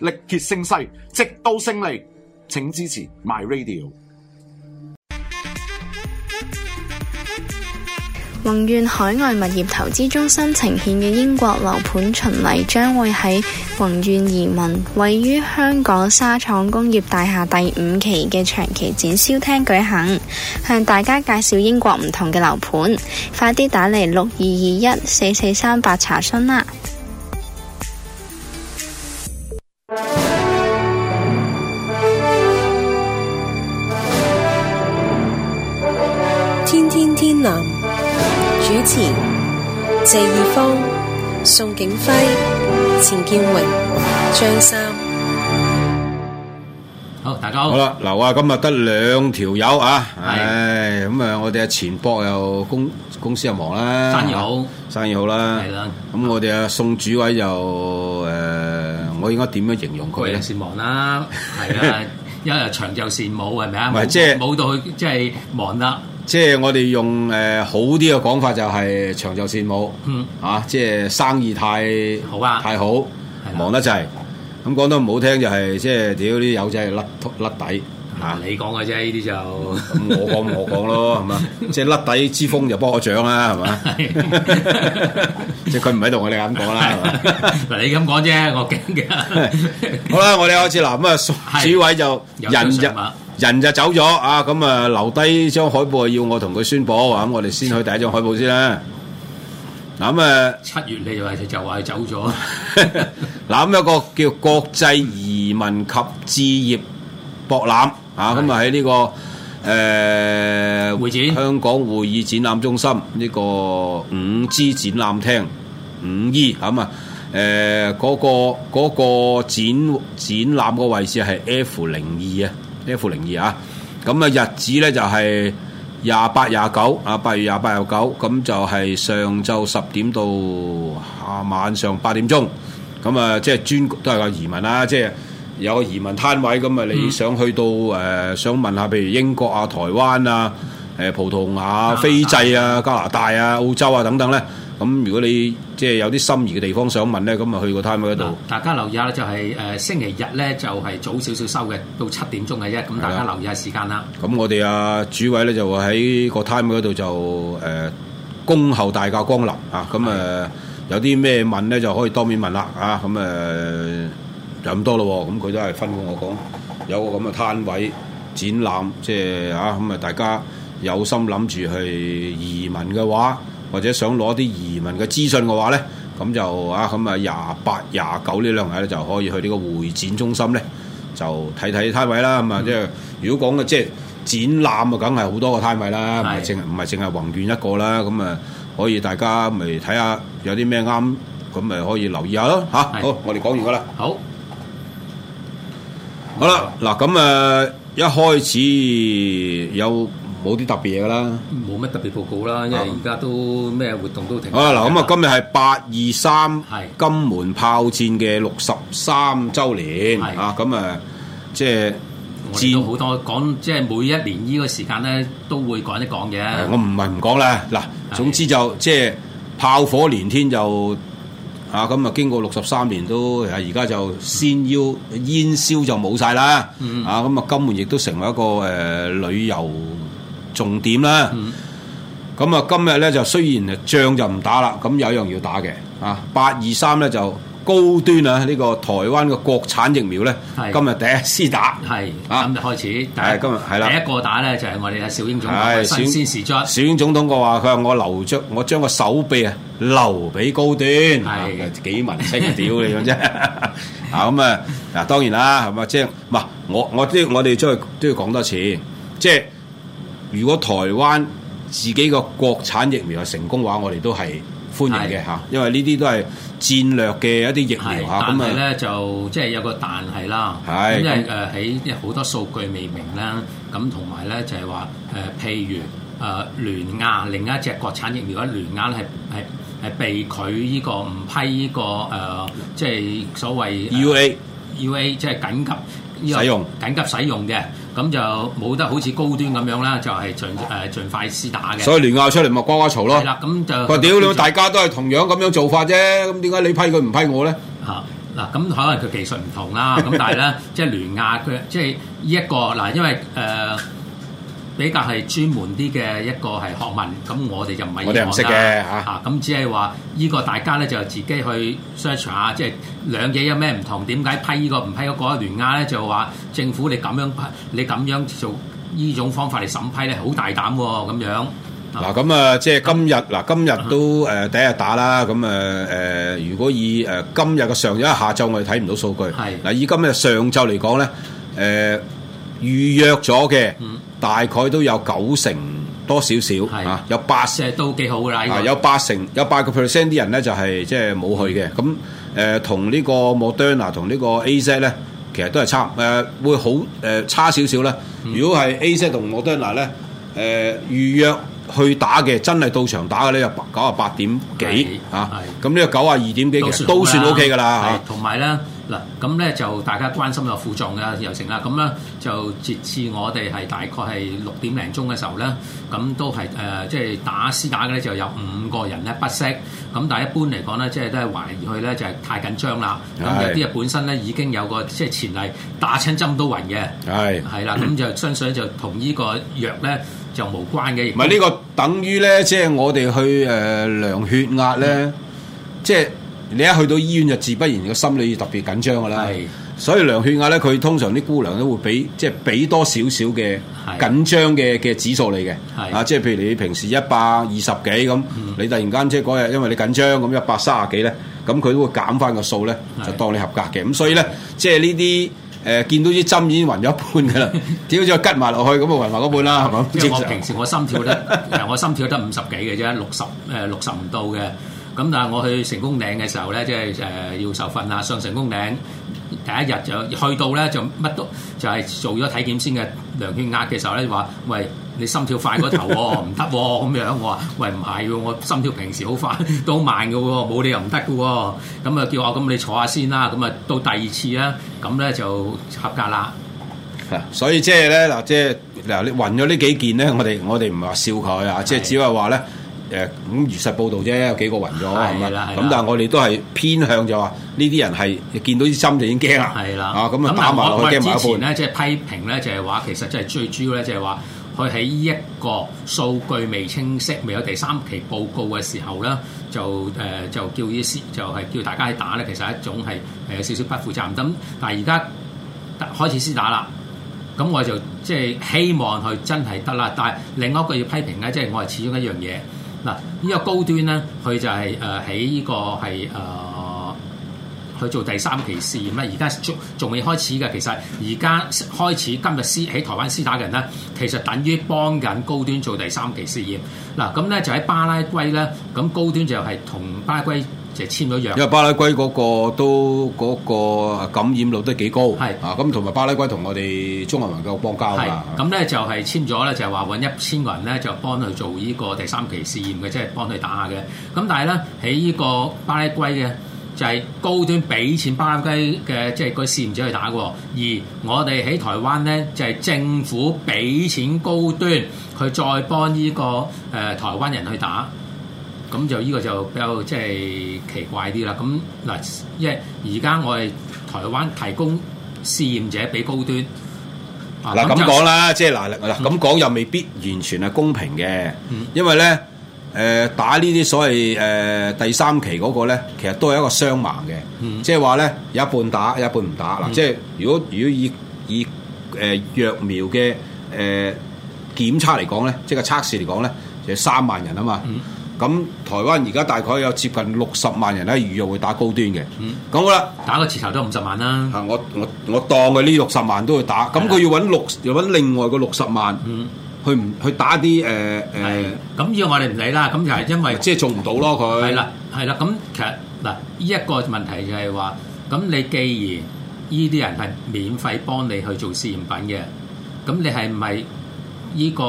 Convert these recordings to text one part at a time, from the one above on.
力竭勝勢，直到勝利。請支持 My Radio。宏願海外物業投資中心呈獻嘅英國樓盤巡禮，將會喺宏願移民位於香港沙廠工業大廈第五期嘅長期展銷廳舉行，向大家介紹英國唔同嘅樓盤。快啲打嚟六二二一四四三八查詢啦！謝義方、宋景輝、錢建榮、張三，好，大家好好啦，劉啊，今日得兩條友啊，唉、哎，咁啊，我哋啊，錢博又公公司又忙啦，生意好，好，生意好啦，係啦，咁我哋啊，們宋主委又誒、呃，我應該點樣形容佢咧？又忙啦，係啦，一日長袖善舞係咪啊？唔係即係舞到即係、就是、忙得、啊。即係我哋用、呃、好啲嘅講法就，就係長袖善舞，嗯啊，即係生意太好啊吧，太好，的忙得滯。咁的、啊、講得唔好聽，就係，就係即係屌啲友仔甩甩底。嗱，你講嘅啫，呢啲就、嗯嗯、我講我講咯，係嘛？ 即係甩底之風就幫我掌啦，係嘛？ 即係佢唔喺度，我哋咁講啦。嗱，你咁講啫，我驚嘅。好啦，我哋開始啦。咁、嗯、啊，主位就人就人就走咗啊。咁啊，留低張海報要我同佢宣佈。咁、啊、我哋先去第一張海報先啦。嗱，咁啊，嗯、七月你就係話佢走咗。嗱、 啊，咁、那、有個叫國際移民及置業博覽。啊，咁啊喺呢個誒、呃、會展香港會議展覽中心呢個五 G 展覽廳五 E 咁啊，誒嗰個嗰個展展覽個位置係 F 零二啊，F 零二啊，咁啊日子咧就係廿八廿九啊八月廿八廿九，咁就係上晝十點到下晚上八點鐘，咁啊即係專都係個移民啦，即係。有個移民攤位咁啊！你想去到誒、嗯呃，想問下譬如英國啊、台灣啊、誒、呃、葡萄牙、斐濟啊、啊加拿大啊、澳洲啊等等咧，咁如果你即係有啲心儀嘅地方想問咧，咁啊去個攤位嗰度。大家留意下，就係、是、誒、呃、星期日咧，就係、是、早少少收嘅，到七點鐘嘅啫。咁大家留意下時間啦。咁我哋啊主委呢在位咧就喺個攤位嗰度就誒恭候大駕光臨啊！咁、嗯、啊的、呃，有啲咩問咧就可以當面問啦啊！咁、嗯、誒。呃咁多咯喎，咁佢都係吩咐我講，有個咁嘅攤位展覽，即係啊，咁啊大家有心諗住去移民嘅話，或者想攞啲移民嘅資訊嘅話咧，咁就啊咁啊廿八廿九呢兩日咧就可以去呢個會展中心咧，就睇睇攤位啦。咁啊、嗯，即係如果講嘅即係展覽啊，梗係好多個攤位啦，唔係淨唔係淨係宏遠一個啦。咁啊，可以大家咪睇下有啲咩啱，咁咪可以留意下咯、啊、的好，我哋講完噶啦。好。好啦，嗱咁誒，一開始有冇啲特別嘢啦？冇乜特別報告啦，因為而家都咩、啊、活動都停咗。啊，嗱咁啊，今日係八二三金門炮戰嘅六十三週年係啊，咁誒，即係我哋都好多講，即係每一年呢個時間咧都會講一講嘅。我唔係唔講啦，嗱，總之就係即係炮火連天就。啊，咁啊，經過六十三年都，而家就先要煙消就冇晒啦。啊，咁啊，金門亦都成為一個、呃、旅遊重點啦。咁啊，今日咧就雖然仗就唔打啦，咁有一樣要打嘅啊，八二三咧就。高端啊！呢、這個台灣嘅國產疫苗咧是，今日第一試打，係啊咁就開始。係今日，係啦，第一個打咧就係、是、我哋阿小英總。係新小英總統嘅話，佢話我留我將個手臂啊留俾高端。係的、啊、幾文青屌 你咁啫？啊咁啊！嗱、啊、當然啦，嘛、啊？即、就、係、是，唔我我都要我哋都，都要講多次。即、就、係、是、如果台灣自己嘅國產疫苗係成功嘅話，我哋都係。歡迎嘅是因為呢啲都係戰略嘅一啲疫苗是但咁咧就即係、就是、有個但係啦，咁即喺好多數據未明啦，咁同埋咧就係、是、話、呃、譬如聯亞、呃、另一隻國產疫苗咧，聯亞係被拒呢、這個唔批呢、這個即係所謂 U A U A 即係緊急使用緊急使用嘅。咁就冇得好似高端咁樣啦，就係盡誒盡快施打嘅。所以聯亞出嚟咪瓜瓜嘈咯。係啦，咁就話屌你，說大家都係同樣咁樣做法啫，咁點解你批佢唔批我咧？嚇嗱，咁可能佢技術唔同啦，咁 但係咧，即、就、係、是、聯亞佢即係呢一個嗱，因為誒。呃 比較係專門啲嘅一個係學問，咁我哋就唔係。我哋唔識嘅嚇，嚇咁只係話呢個大家咧就自己去 search 下，即、就、係、是、兩嘢有咩唔同，點解批，個不批個呢個唔批嗰個聯亞咧？就話政府你咁樣批，你咁樣做呢種方法嚟審批咧，好大膽喎咁樣。嗱咁啊，即係、就是、今日嗱，啊、今日都誒、呃、第一日打啦，咁誒誒，如果以誒、呃、今日嘅上一下晝，我哋睇唔到數據。係嗱的，以今日上晝嚟講咧，誒、呃。預約咗嘅，大概都有九成多少少啊，有八成都幾好啦。有八成有八個 percent 啲人咧就係即係冇去嘅。咁同呢個 Moderna 同呢個 AZ 咧，其實都係差誒、呃，會好、呃、差少少呢。如果係 AZ 同 Moderna 咧，呢、呃，預約去打嘅，真係到場打嘅咧有九啊八點幾的啊，咁呢的個九啊二點幾都算 O K 噶啦吓，同埋咧。嗱，咁咧就大家關心嘅副作用啊，又成症啦，咁咧就截至我哋係大概係六點零鐘嘅時候咧，咁都係誒，即、呃、係、就是、打施打嘅咧，就有五個人咧不適，咁但係一般嚟講咧，即、就、係、是、都係懷疑佢咧就係太緊張啦，咁是的 有啲啊本身咧已經有個即係、就是、前例打親針都暈嘅，係係啦，咁就相信就同呢個藥咧就無關嘅，唔係呢個等於咧，即、就、係、是、我哋去誒、呃、量血壓咧，即係。你一去到醫院就自不然個心理特別緊張㗎啦，是的 所以量血壓咧，佢通常啲姑娘都會俾即係俾多少少嘅緊張嘅嘅指數你嘅，是的 啊即係譬如你平時一百二十幾咁，那你突然間即係嗰日因為你緊張咁一百卅幾咧，咁佢都會減翻個數咧，就當你合格嘅。咁是的 所以咧，是的 即係呢啲誒見到啲針已經暈咗一半㗎啦，屌即係拮埋落去咁啊暈埋嗰半啦，係咪？因為我平時我心跳得， 我心跳得五十幾嘅啫，六十誒六十唔到嘅。咁但係我去成功嶺嘅時候咧，即係誒要受訓啊，上成功嶺第一日就去到咧，就乜都就係做咗體檢先嘅，量血壓嘅時候咧話，喂，你心跳快過頭喎，唔得喎，咁樣我話，喂，唔係喎，我心跳平時好快都好慢嘅喎，冇理由唔得嘅喎。咁啊，叫我咁你坐下先啦，咁啊到第二次啦。咁咧就合格啦。係所以即係咧嗱，即係嗱，你暈咗呢幾件咧，我哋我哋唔係話笑佢啊，即係只係話咧。誒咁、嗯、如實報導啫，有幾個暈咗係咪啦，咁的但係我哋都係偏向就話呢啲人係見到啲針就已經驚啦，係啦的，啊咁打埋我我之前咧即係批評咧就係話其實即係最主要咧就係話佢喺呢一個數據未清晰、未有第三期報告嘅時候咧，就誒、呃、就叫啲師就係、是、叫大家去打咧，其實係一種係誒有少少不負責任。咁但係而家開始先打啦，咁我就即係、就是、希望佢真係得啦。但係另外一個要批評咧，即、就、係、是、我係始終一樣嘢。嗱，依個高端咧，佢就係誒喺呢個係誒，去、呃、做第三期試驗啦。而家仲仲未開始嘅，其實而家開始今日施喺台灣施打嘅人咧，其實等於幫緊高端做第三期試驗。嗱，咁咧就喺巴拉圭咧，咁高端就係同巴拉圭，就簽咗約，因為巴拉圭嗰個都嗰個感染率都幾高，係啊，咁同埋巴拉圭同我哋中華民國邦交噶，咁咧就係簽咗咧就係話揾一千個人咧就幫佢做呢個第三期試驗嘅，即係幫佢打下嘅。咁但係咧喺呢個巴拉圭嘅就係高端俾錢巴拉圭嘅，即係個試驗者去打嘅，而我哋喺台灣咧就係政府俾錢高端，佢再幫呢個誒台灣人去打。咁就呢、這個就比較即係、就是、奇怪啲啦。咁嗱，因為而家我哋台灣提供試驗者俾高端，嗱咁講啦，即係嗱嗱咁講又未必完全係公平嘅，嗯、因為咧誒、呃、打呢啲所謂誒、呃、第三期嗰個咧，其實都係一個雙盲嘅，即係話咧有一半打有一半唔打嗱。嗯、即係如果如果以以誒藥、呃、苗嘅誒、呃、檢測嚟講咧，即係個測試嚟講咧，就係三萬人啊嘛。嗯。咁台灣而家大概有接近六十萬人咧預約會打高端嘅，咁、嗯、好啦打個磁頭都五十萬啦。啊，我我我當佢呢六十萬都會打，咁佢要揾六又揾另外個六十萬去唔去打啲誒誒？咁呢個我哋唔理啦，咁就係因為即係、嗯就係、做唔到咯，佢係啦係啦。咁其實嗱，呢一個問題就係話，咁你既然呢啲人係免費幫你去做試驗品嘅，咁你係咪呢個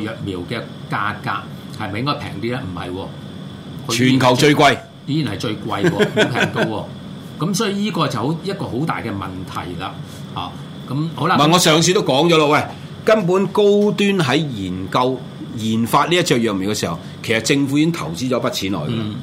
藥苗嘅價格？係咪應該平啲咧？唔係喎，全球最貴，依然係最貴喎，唔平到喎。咁 所以呢個就好一個好大嘅問題啦。嚇，咁好啦。嗱，我上次都講咗咯，喂，根本高端喺研究、研發呢一隻藥苗嘅時候，其實政府已經投資咗筆錢落去。嗯、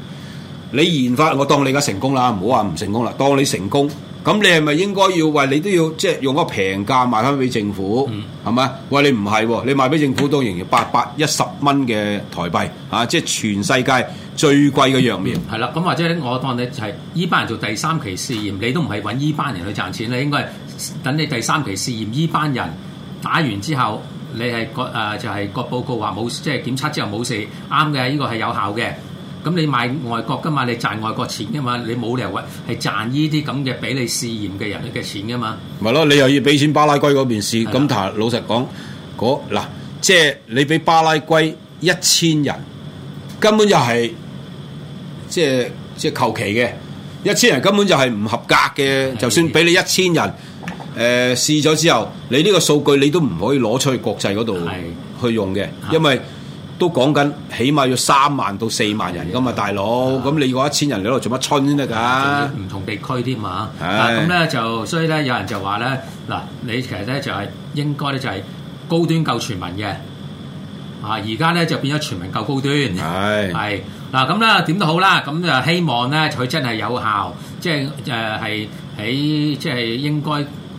你研發，我當你而家成功啦，唔好話唔成功啦，當你成功。咁你係咪應該要喂你都要即係用一個平價賣翻俾政府，係咪？喂，你唔係、嗯，你賣俾政府都仍然八百一十蚊嘅台幣，啊！即係全世界最貴嘅疫苗。係啦，咁或者我當你係呢班人做第三期試驗，你都唔係揾呢班人去賺錢，你應該係等你第三期試驗呢班人打完之後，你係個誒就係、是、個報告話冇，即、就、係、是、檢測之後冇事，啱嘅，呢、這個係有效嘅。咁你買外國噶嘛？你賺外國錢噶嘛？你冇理由話係賺呢啲咁嘅俾你試驗嘅人嘅錢噶嘛？咪咯，你又要俾錢巴拉圭嗰邊試？咁但係老實講，嗰嗱即係你俾巴拉圭一千人，根本就係即係即係求其嘅，一千人根本就係唔合格嘅。就算俾你一千人，誒試咗之後，你呢個數據你都唔可以攞出去國際嗰度去用嘅，因為。都講緊，起碼要三萬到四萬人噶嘛，大佬。咁你嗰一千人喺度做乜春先得㗎？唔同地區添嘛。咁咧的、啊、就，所以咧有人就話咧，嗱，你其實咧就係、是、應該咧就係高端夠全民嘅。啊，而家咧就變咗全民夠高端。係係的。嗱咁咧，點都好啦，咁就希望咧佢真係有效，即係誒係喺即係應該。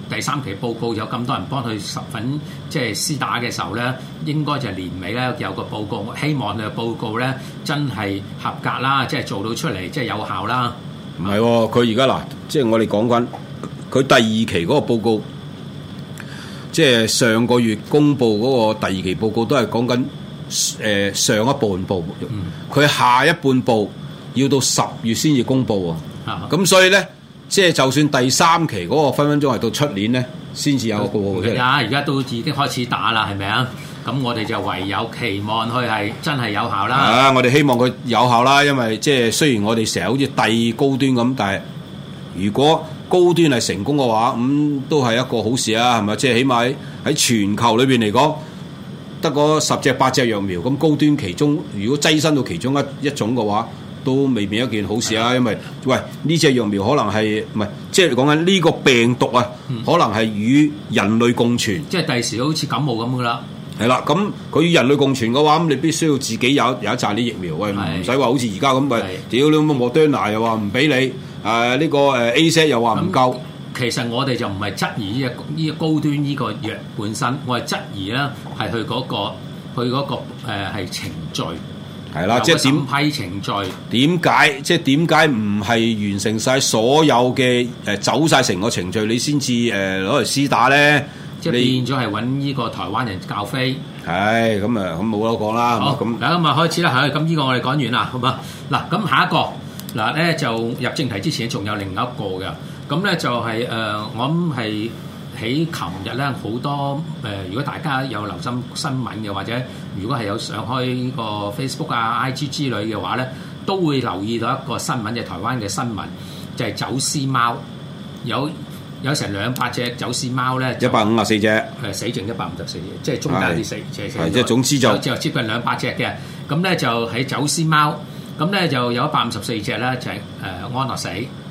第三期報告有咁多人幫佢十份即係試打嘅時候咧，應該就年尾咧有個報告，希望佢嘅報告咧真係合格啦，即係做到出嚟、哦，即係有效啦。唔係喎，佢而家嗱，即係我哋講緊佢第二期嗰個報告，即、就、係、是、上個月公布嗰個第二期報告都係講緊誒上一半部，佢、嗯、下一半部要到十月先至公布喎。咁、嗯、所以咧。即係就算第三期嗰個分分鐘係到出年咧，先至有一個。係啊，而家都已經開始打啦，係咪啊？咁我哋就唯有期望佢係真係有效啦。啊，我哋希望佢有效啦，因為即係雖然我哋成日好似低高端咁，但係如果高端係成功嘅話，咁、嗯、都係一個好事啊，係咪？即係起碼喺全球裏邊嚟講，得個十隻八隻藥苗，咁高端其中如果躋身到其中一一種嘅話。都未必一件好事啊，的因為喂呢隻疫苗可能係唔係即係講緊呢個病毒啊，嗯、可能係與人類共存。嗯、即係第時好似感冒咁噶啦。係啦，咁佢與人類共存嘅話，咁你必須要自己有有一扎啲疫苗，喂唔使話好似而家咁喂，屌你咁，莫德納又話唔俾你，呢、呃這個誒 AZ 又話唔夠。其實我哋就唔係質疑呢、這個呢、這個、高端呢個藥本身，我係質疑啦、那個，係佢嗰個佢嗰、那個係、呃、程序。係啦，即係點批程序？點解？即係點解唔係完成曬所有嘅誒走曬成個程序，你先至誒攞嚟撕打咧？即係你變咗係揾呢個台灣人教飛。係咁啊，咁冇得講啦。好咁，嗱咁啊開始啦，嚇咁呢個我哋講完啦，好嘛？嗱咁下一個嗱咧就入正題之前，仲有另一個嘅咁咧就係誒，我諗係。喺琴日咧，好多誒、呃，如果大家有留心新聞嘅，或者如果係有上開呢個 Facebook 啊、IG 之類嘅話咧，都會留意到一個新聞，就係台灣嘅新聞，就係、係、走私貓，有有成兩百隻走私貓咧，一百五十四隻，係係死剩一百五十四隻，即係中間啲死，即即係總之就就接近兩百隻嘅，咁咧就喺走私貓，咁咧就有一百五十四隻咧，就係誒安樂死。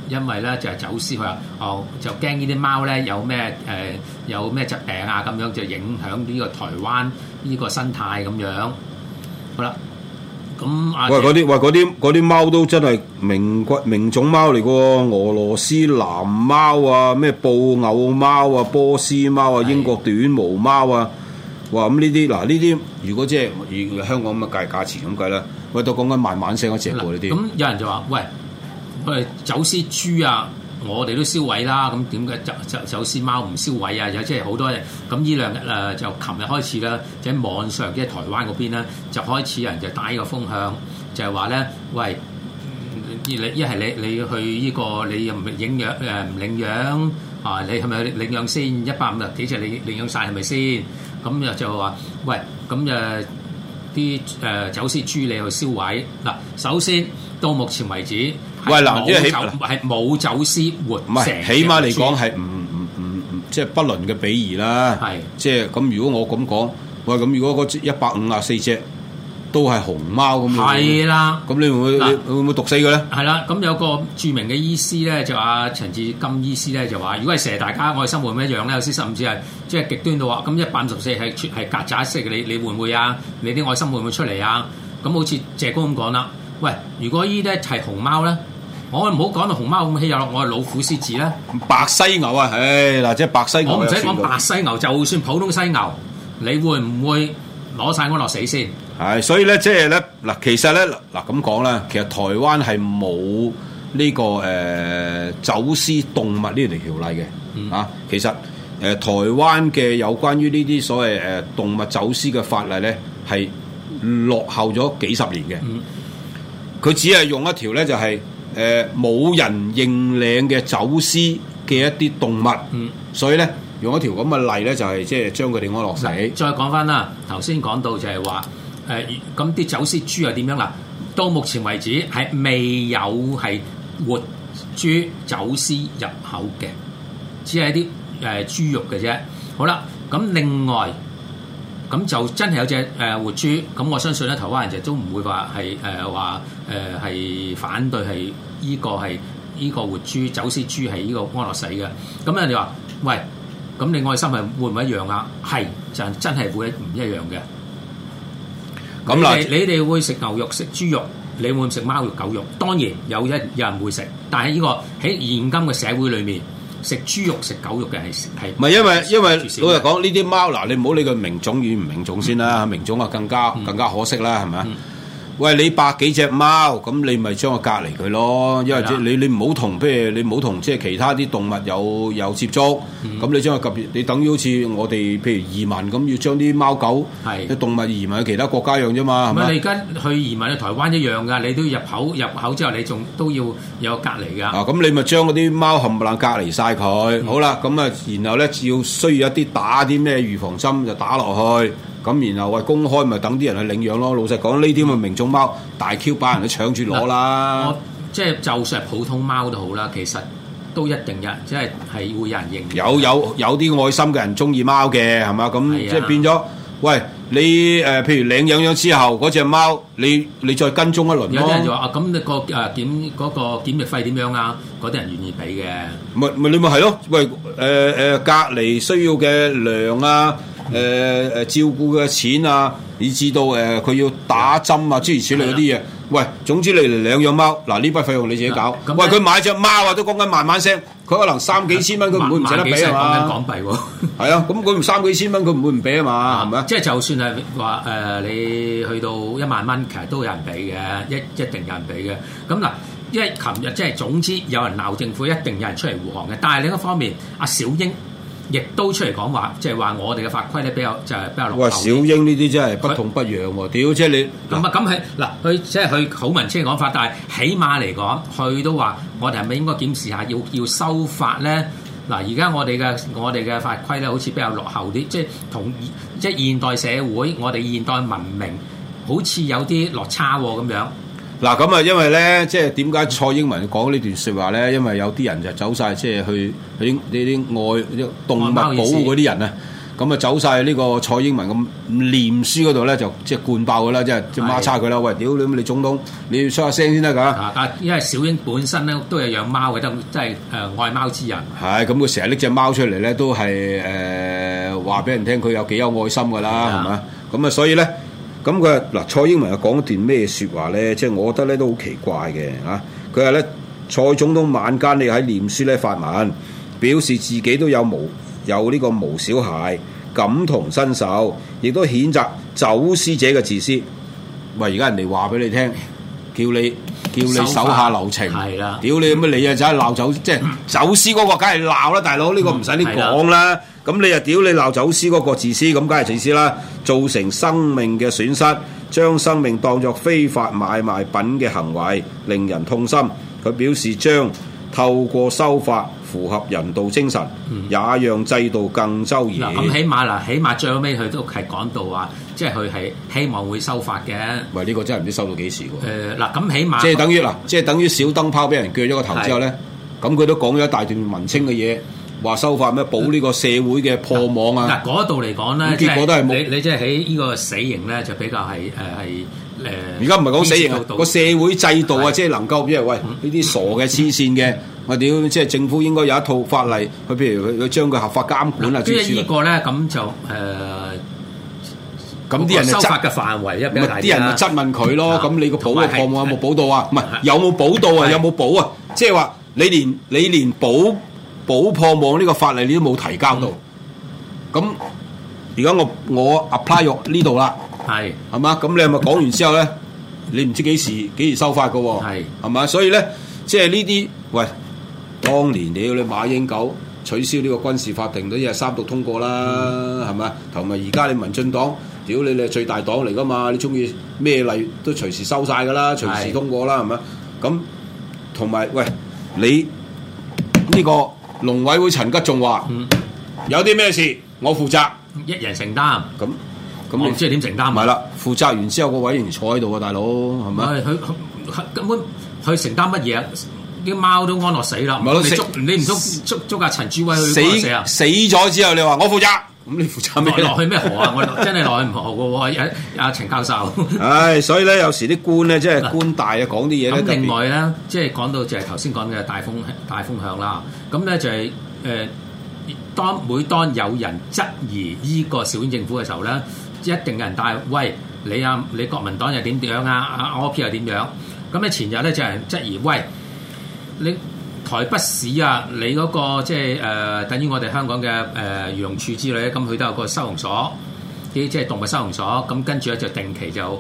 因為咧就走私佢話哦，就驚呢啲貓咧有咩誒有咩疾病啊，咁樣就影響呢個台灣呢個生態咁樣，好啦，咁啊喂嗰啲喂嗰啲嗰啲貓都真係名貴名種貓嚟噶喎，俄羅斯藍貓啊，咩布偶貓啊，波斯貓啊，英國短毛貓啊，哇咁呢啲嗱呢啲如果即係以香港咁嘅價價錢咁計啦，喂到講緊萬萬聲嗰隻喎呢啲，咁有人就話喂。佢走私豬啊，我哋都銷毀啦。咁點解走走走私貓唔銷毀啊？有即係好多嘢。咁呢兩日就琴日開始啦，喺網上即係台灣嗰邊咧，就開始人就帶呢個風向，就係話咧，喂，一你一係你你去呢個，你唔領養誒，唔領養啊？你係咪領養先？一百五啊幾隻你領養晒？係咪先？咁就話，喂，咁誒啲誒走私豬你去銷毀嗱。首先到目前為止。喂，嗱，即係起，係冇走私活唔蛇，起碼嚟講係唔唔唔即係不倫嘅比擬啦。係是，即係咁。如果我咁講，喂，咁，如果嗰一百五十四隻都係熊貓咁、like 的，係啦，咁你會會嘞你會唔會毒死佢咧？係啦，咁有個著名嘅醫師咧，就阿陳志金醫師咧，就話：如果係蛇，大家愛心會唔一樣咧？有啲甚至係即係極端到話，咁一百五十四係係曱甴式嘅，你你會唔會啊？你啲愛心會唔會出嚟啊？咁好似謝哥咁講啦。喂，如果依咧係熊貓咧？我唔好講到熊貓咁稀有，又落我係老虎呢、獅子啦。白犀牛啊！唉、哎，嗱，即係白犀牛。我唔使講白犀牛，就算普通犀牛，你會唔會攞晒安樂死先？係，所以咧，即係咧，嗱，其實咧，嗱咁講啦，其實台灣係冇呢個誒、呃、走私動物呢條條例嘅。嗯、啊，其實誒、呃、台灣嘅有關於呢啲所謂誒動物走私嘅法例咧，係落後咗幾十年嘅。佢、嗯、只係用一條咧，就係、是。誒冇、呃、人認領嘅走私嘅一啲動物，嗯、所以咧用一條咁嘅例咧，就係即係將佢哋安落死。再講翻啦，頭先講到就係話誒，咁、呃、啲走私豬又點樣啦？到目前為止係未有係活豬走私入口嘅，只係啲誒豬肉嘅啫。好啦，咁另外咁就真係有隻誒、呃、活豬，咁我相信咧，台灣人就都唔會話係誒話。呃誒係、呃、反對係依個係依個活豬走私豬係依個安樂死嘅，咁人哋話：喂，咁你愛心係會唔會一樣啊？係，就真係會唔一樣嘅。咁樣你你哋會食牛肉、食豬肉，你會唔會食貓肉、狗肉？當然有一有人會食，但係呢、呢個喺現今嘅社會裏面，食豬肉、食狗肉嘅係係唔係因為因為，老實講呢啲貓嗱，你唔好理佢名種與唔名種先啦，嗯、名種啊更加更加可惜啦，係咪啊？吧喂，你百幾隻貓，咁你咪將佢隔離佢咯，的因為即係你你唔好同譬如你唔好同即係其他啲動物有有接觸，咁、嗯、你將佢隔別，你等於好似我哋譬如移民咁，要將啲貓狗啲的動物移民去其他國家樣啫嘛，咁啊的吧你而家去移民去台灣一樣㗎，你都要入口入口之後你仲都要有隔離㗎。啊，咁你咪將嗰啲貓冚唪唥隔離晒佢。的好啦，咁啊，然後咧要需要一啲打啲咩預防針就打落去。咁然後喂公開咪等啲人去領養咯。老實講呢啲咪名種貓，大 Q 把人去搶住攞啦。我即係就算係普通貓都好啦，其實都一定有人，即係係會有人認。有有有啲愛心嘅人中意貓嘅，係嘛？咁即係變咗，喂你誒，譬如領養咗之後嗰隻貓，你你再跟蹤一輪。有啲人就話啊，咁你個誒檢嗰個檢疫費點樣啊？嗰啲人願意俾嘅。咪咪你咪係咯，喂誒誒隔離需要嘅糧啊！誒誒、呃、照顧嘅錢啊，以至到誒佢要打針啊，諸如此類嗰啲嘢。的喂，總之你嚟兩隻貓，嗱呢筆費用你自己搞。啊嗯、喂，佢買隻貓啊，都講緊萬萬聲，佢可能三幾千蚊，佢唔會唔捨得俾啊嘛。啊萬幾聲講緊港幣喎。係 啊，咁佢三幾千蚊，佢唔會唔俾啊嘛。係咪啊？吧即係就算係話誒，你去到一萬蚊，其實都有人俾嘅，一一定有人俾嘅。咁嗱，因為琴日即係總之有人鬧政府，一定有人出嚟護航嘅。但係另一方面，阿小英。亦都出嚟講話，即係話我哋嘅法規咧比較就係比較落後。喂，小英呢啲真係不痛不癢喎，屌即係你。咁啊咁係嗱，佢即係佢好文青嘅講法，但係起碼嚟講，佢都話我哋係咪應該檢視下要要修法咧？嗱，而家我哋嘅我哋嘅法規咧，好似比較落後啲，即係同即係現代社會，我哋現代文明好似有啲落差咁、啊、樣。嗱咁啊，因為咧，即係點解蔡英文講呢段説話咧？因為有啲人就走晒，即係去佢呢啲愛動物保護嗰啲人啊，咁啊走晒呢個蔡英文咁臉書嗰度咧，就即係灌爆噶啦，即係即係抹叉佢啦！的喂，屌你咁你總統，你要出下聲先得噶。但因為小英本身咧都有養貓嘅，都真係誒愛貓之人。係咁，佢成日拎隻貓出嚟咧，都係誒話俾人聽，佢有幾有愛心噶啦，係嘛的？咁啊，所以咧。咁佢嗱蔡英文又講段咩説話咧？即係我覺得咧都好奇怪嘅吓，佢話咧蔡總統晚間你喺臉書咧發文表示自己都有毛有呢個毛小孩感同身受，亦都譴責走私者嘅自私。喂，而家人哋話俾你聽，叫你。叫你手下留情，係啦，是屌你乜你啊！仔鬧走即係走私嗰個，梗係鬧啦，大佬呢、呢個唔使你講啦。咁、嗯、你又屌你鬧走私嗰個自私，咁梗係自私啦。造成生命嘅損失，將生命當作非法買賣品嘅行為，令人痛心。佢表示將透過修法。符合人道精神，也讓制度更周延。咁、嗯、起碼嗱，起碼最後尾佢都係講到話，即係佢係希望會修法嘅。喂，呢個真係唔知修到幾時喎？嗱、呃，咁起碼即係等於嗱，即係等於小燈泡俾人鋸咗個頭之後咧，咁佢的都講咗一大段文青嘅嘢，話修法咩，保呢個社會嘅破網啊。嗱、嗯，嗰度嚟講咧，結果都係冇。你你即係喺呢個死刑咧，就比較係誒係誒。而家唔係講死刑，個社會制度啊，的即係能夠，即係喂呢啲、嗯、傻嘅、黐線嘅。嗯嗯嗯我屌，即係政府應該有一套法例，佢譬如佢佢將佢合法監管啊，最主要。呢個咧，咁就誒，咁啲人執法嘅範圍一啲人就質問佢咯。咁你個保破網有冇保到啊？唔係有冇保到啊？有冇保啊？即係話你連你連保保破網呢個法例你都冇提交到。咁而家我我 apply 喎呢度啦，係係嘛？咁你咪講完之後咧，你唔知幾時幾時收法噶，係係嘛？所以咧，即係呢啲喂。當年屌你馬英九取消呢個軍事法庭都一三讀通過啦，係咪、嗯？同埋而家你民進黨，屌你你係最大黨嚟噶嘛？你中意咩例都隨時收晒噶啦，隨時通過啦，係咪是？咁同埋喂，你呢、這個農委會陳吉仲話，嗯、有啲咩事我負責，一人承擔。咁咁你即係點承擔？唔係啦，負責完之後個委員坐喺度啊，大佬係咪？佢佢根本佢承擔乜嘢？啲貓都安樂死啦不死！你捉你唔死捉捉捉阿陳志威去死啊！死咗之後，你話我負責，咁你負責咩？落去咩河啊？我真係落去河嘅喎，阿阿陳教授。 唉、哎，所以咧，有時啲官咧，即係官大啊，講啲嘢咁另外咧，即係講到就係頭先講嘅大風大風向啦。咁咧就係、是、誒、呃，當每當有人質疑依個小院政府嘅時候咧，一定有人帶威你啊！你國民黨又點樣啊？啊，柯 P 又點樣、啊？咁咧前日咧就係、是、質疑，喂！你台北市啊，你嗰、那個即係誒、呃，等於我哋香港嘅誒漁護署之類咁，佢都有個收容所，啲即係動物收容所，咁、嗯、跟住咧就定期就誒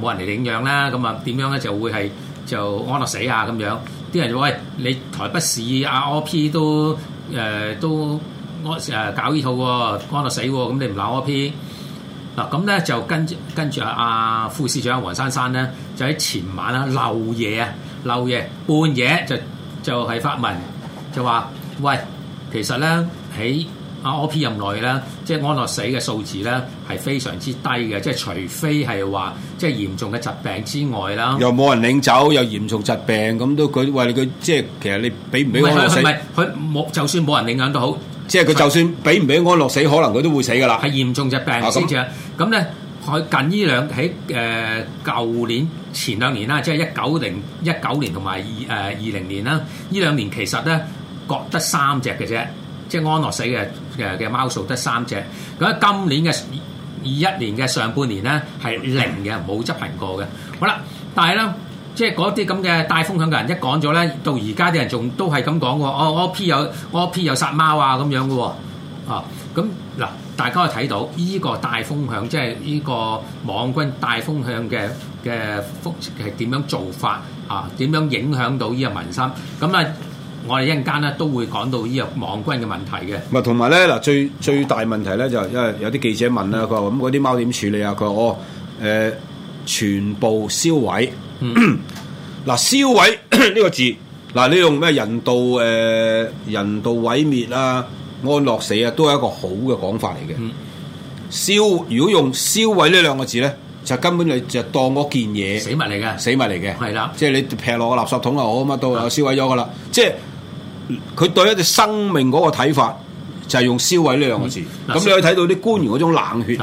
冇、呃、人嚟領養啦，咁啊點樣咧就會係就安樂死啊咁樣，啲人就喂，你台北市啊柯 P 都誒、呃、都安誒搞呢套喎、啊，安樂死喎、啊，咁、嗯、你唔攞柯 P 嗱咁咧就跟跟住阿、啊啊、副市長黃珊珊咧，就喺前晚啊，漏夜啊，漏夜半夜就。就係發文，就話喂，其實咧喺 ROP 任內咧，即係安樂死嘅數字咧係非常之低嘅，即係除非係話即係嚴重嘅疾病之外啦。又冇人領走，又嚴重疾病，咁都佢喂佢即係其實你俾唔俾安樂死？唔係佢冇，是是就算冇人領養都好，即係佢就算俾唔俾安樂死，可能佢都會死噶啦。係嚴重疾病先至，咁咧、啊。佢近呢兩喺誒舊年前兩年啦，即係一九零一九年同埋二誒二零年啦。呢兩年其實咧，各得三隻嘅啫，即係安樂死嘅嘅嘅貓數得三隻。咁喺今年嘅二一年嘅上半年咧，係零嘅，冇執行過嘅。好啦，但係咧，即係嗰啲咁嘅帶風向嘅人一講咗咧，到而家啲人仲都係咁講喎。我我 P 有我 P 有殺貓啊咁樣嘅喎、哦，啊、哦、咁。嗱，大家可以睇到依、這個大風向，即係呢個網軍大風向嘅嘅風係點樣做法啊？點樣影響到呢個民心？咁啊，我哋一陣間咧都會講到呢個網軍嘅問題嘅。咪同埋咧嗱，最最大問題咧就因、是、為有啲記者問啦，佢話咁嗰啲貓點處理啊？佢話哦，誒、呃、全部燒毀。嗱、嗯，燒毀呢個字，嗱你用咩人道誒、呃、人道毀滅啊？安樂死啊，都係一個好嘅講法嚟嘅。嗯、燒，如果用燒毀呢兩個字咧，就根本你就當嗰件嘢死物嚟嘅，死物嚟嘅，係啦的。即係你劈落個垃圾桶啊，我啊嘛都是的燒毀咗㗎喇。即係佢對一隻生命嗰個睇法，就係、是、用燒毀呢兩個字。咁、嗯、你可以睇到啲官員嗰種冷血。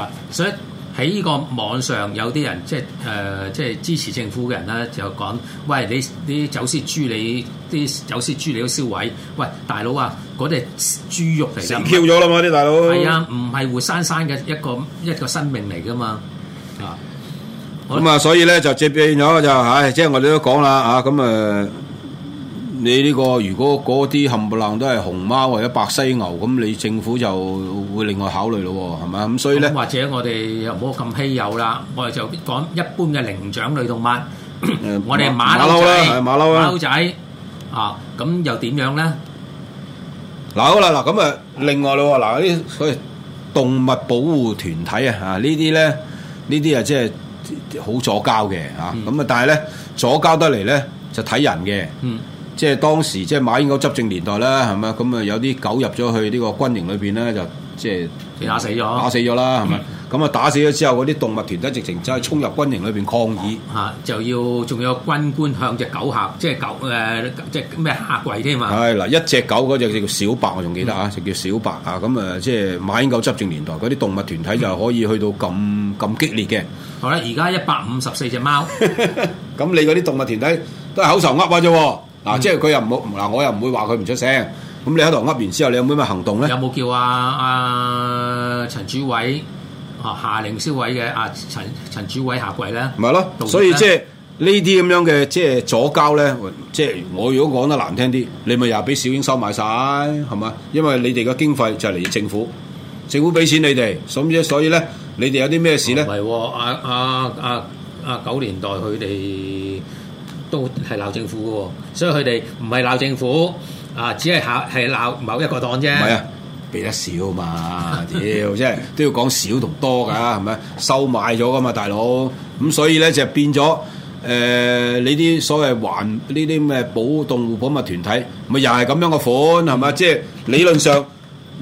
喺呢個網上有啲人即係誒、呃、即係支持政府嘅人啦，就講：喂，你啲走私豬，你啲走私豬你都銷毀？喂，大佬啊，嗰啲係豬肉嚟㗎。死咗啦嘛！啲大佬係啊，唔係活生生嘅一個一個生命嚟㗎嘛啊！咁啊、嗯，所以咧就接變咗就唉，即、哎、係、即係、我哋都講啦啊，咁、嗯、啊。嗯你呢個如果嗰啲冚唪唥都係熊貓或者白犀牛咁，你政府就會另外考慮咯，係咪啊？咁所以咧，或者我哋又唔好咁稀有啦，我哋就講一般嘅靈長類動物。誒，我哋馬騮仔，馬騮仔啊，咁又點樣咧？嗱，好啦，嗱，咁啊，另外咯，嗱，啲所謂動物保護團體啊，啊，呢啲咧，呢啲啊，即係好左膠嘅嚇。咁啊，但係咧，左膠得嚟咧，就睇人嘅。即係當時，即係馬英九執政年代啦，係咪？咁啊，有啲狗入咗去呢個軍營裏邊咧，就即係打死咗，打死咗啦，係咪？咁啊，打死咗、嗯、之後，嗰啲動物團體直情走去衝入軍營裏邊抗議，嚇、啊、就要，仲有軍官向隻狗下，即係狗誒、呃，即係咩下跪添嘛？係嗱，一隻狗嗰隻叫小白，我仲記得啊，嗯、就叫小白啊。咁啊，即係馬英九執政年代，嗰啲動物團體就可以去到咁咁、嗯、激烈嘅。好啦，而家一百五十四隻貓，咁 你嗰啲動物團體都係口頭噏啊啫喎！啊、即係佢又唔冇嗱，嗯、我又唔會話佢唔出聲。咁你喺度噏完之後，你有冇咩行動咧？有冇叫阿阿陳主委啊下令、啊、銷毀嘅阿陳陳主委下跪咧？唔係咯，所以即係呢啲咁樣嘅即係左膠咧。即係我如果講得難聽啲，你咪又係俾小英收買晒係嘛？因為你哋嘅經費就嚟政府，政府俾錢給你哋，所以所以咧，你哋有啲咩事咧？唔係喎，九年代佢哋。都係鬧政府嘅，所以佢哋唔係鬧政府啊，只係考係鬧某一個黨啫。唔係啊，俾得少嘛？屌， 即係都要講少同多噶，係咪？收買咗嘅嘛，大佬咁所以咧就變咗誒，呢、呃、啲所謂環呢啲咩保動物保護嘅團體，咪又係咁樣嘅款係咪？即係理論上，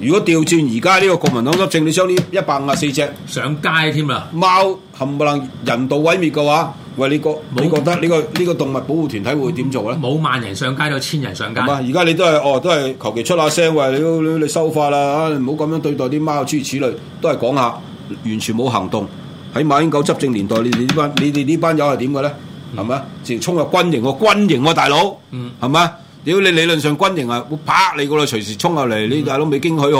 如果調轉而家呢個國民黨執政，你將呢一百五十四隻上街添啊，貓冚唪唥人道毀滅嘅話。喂，你覺你覺得呢個呢個動物保護團體會點做咧？冇萬人上街，有千人上街。唔係，而家你都係哦，都係求其出下聲，喂，你你你收科啦，唔好咁樣對待啲貓諸如此類，都係講下，完全冇行動。喺馬英九執政年代，你哋呢班你哋呢班友係點嘅咧？係咪、嗯？直衝入軍營喎，軍營喎、啊，大佬，嗯，係咪？屌你理論上軍營啊，會啪你個啦，隨時衝入嚟，嗯、你大佬未經許可，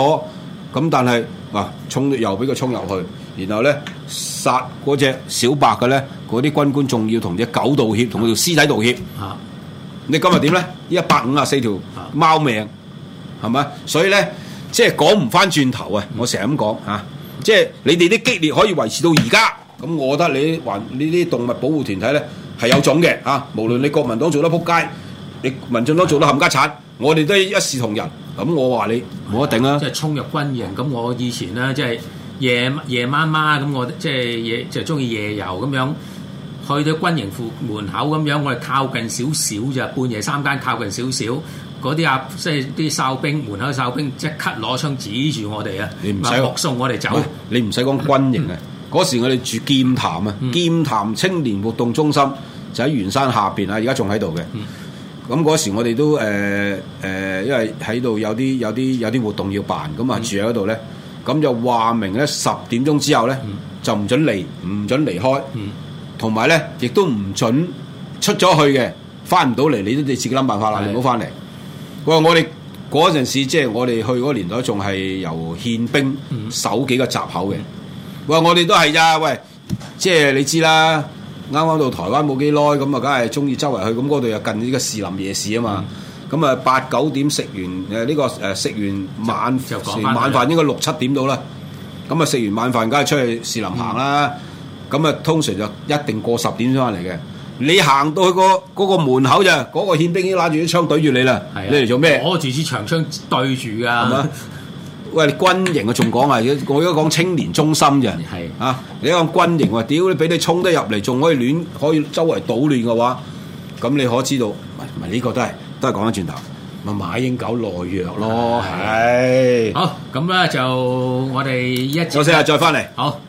咁但係啊，衝又俾佢衝入去。然後咧，殺嗰隻小白嘅咧，嗰啲軍官仲要同隻狗道歉，同佢條屍體道歉。吓、啊，你今日點咧？一百五十四條貓命，係咪、啊？所以咧，即係講唔翻轉頭啊！嗯、我成日咁講啊，即係你哋啲激烈可以維持到而家，咁我覺得你還呢啲動物保護團體咧係有種嘅吓、啊。無論你國民黨做得撲街，你民進黨做得冚家鏟，啊、我哋都一視同仁。咁我話你冇得頂啊！即係衝入軍營，咁我以前咧即係。夜夜晚晚咁，我即係夜就中意夜遊咁樣，去到軍營門口咁樣，我哋靠近少少咋？半夜三更靠近少少，嗰啲啊即係啲哨兵門口，哨兵即刻攞槍指住我哋啊！你唔使目送我哋走，你唔使講軍營啊！嗰、嗯、時我哋住劍潭啊，嗯、劍潭青年活動中心就喺圓山下邊啊，而家仲喺度嘅。咁嗰、嗯、時我哋都誒誒、呃呃，因為喺度有啲有啲有啲活動要辦，咁啊住喺度咧。嗯咁就話明咧，十點鐘之後咧就唔准離，唔准離開，同埋咧亦都唔准出咗去嘅，翻唔到嚟，你都你自己諗辦法啦，唔好翻嚟。喂，我哋嗰陣時即係、就是、我哋去嗰年代，仲係由憲兵守幾個閘口嘅、嗯。喂，我哋都係呀，喂，即係你知啦，啱啱到台灣冇幾耐，咁啊，梗係中意周圍去，咁嗰度又近呢個士林夜市啊嘛。嗯咁啊，八九點食完誒呢個誒食完晚晚飯應該六七點到啦。咁啊，食完晚飯梗係出去士林行啦。咁啊，通常就一定過十點先翻嚟嘅。你行到去個嗰個門口，就嗰個憲兵已經攞住啲槍對住你啦。係，你嚟做咩？攞住支長槍對住噶。喂，你軍營啊，仲講啊，我而家講青年中心啫。係啊，你講軍營話，屌你俾你衝得入嚟，仲可以亂可以周圍搗亂嘅話，咁你可知道？唔係唔係呢個都係。都係講翻轉頭，馬英九懦弱咯，係的。係的，好，咁呢就我哋一陣休息下再返嚟。好。